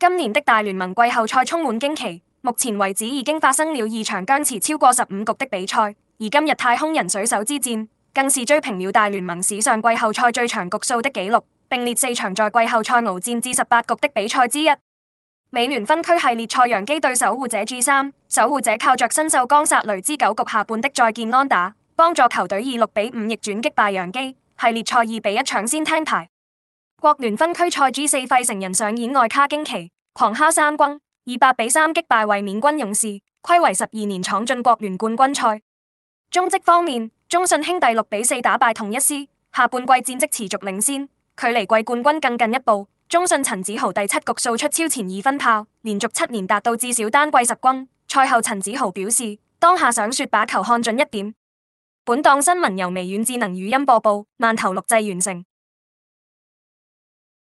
今年的大聯盟季後賽充滿驚奇，目前為止已經發生了二場僵持超過十五局的比賽，而今日太空人水手之戰，更是追平了大聯盟史上季後賽最長局數的紀錄，並列四場在季後賽鏖戰至十八局的比賽之一。美聯分區系列賽洋基對守護者 G 三，守護者靠着新秀岡薩雷茲九局下半的再見安打，幫助球隊以六比五逆轉擊敗洋基，系列賽二比一搶先聽牌。國聯分區賽 G 四，費城人上演外卡驚奇，狂敲三轟，以八比三擊敗衛冕軍勇士，暌違十二年闖進國聯冠軍賽。中職方面，中信兄弟六比四打敗同一師，下半季戰績持續領先，距離季冠軍更近一步。中信陳子豪第七局掃出超前二分炮，連續七年達到至少單季十轟。賽後陳子豪表示，當下想說把球看準一點。本檔新聞由微軟智能語音播報，慢投錄製完成。